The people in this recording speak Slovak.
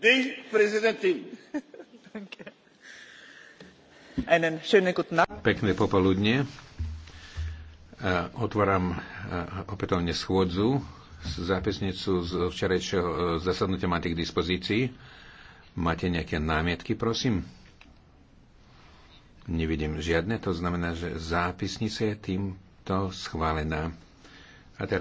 die Pekné popoludnie. Otváram opätovne schôdzu. Zápisnicu z včerajšieho e, zasadnutia máte k dispozícii. Máte nejaké námietky, prosím? Nevidím žiadne, to znamená, že zápisnica je týmto schválená.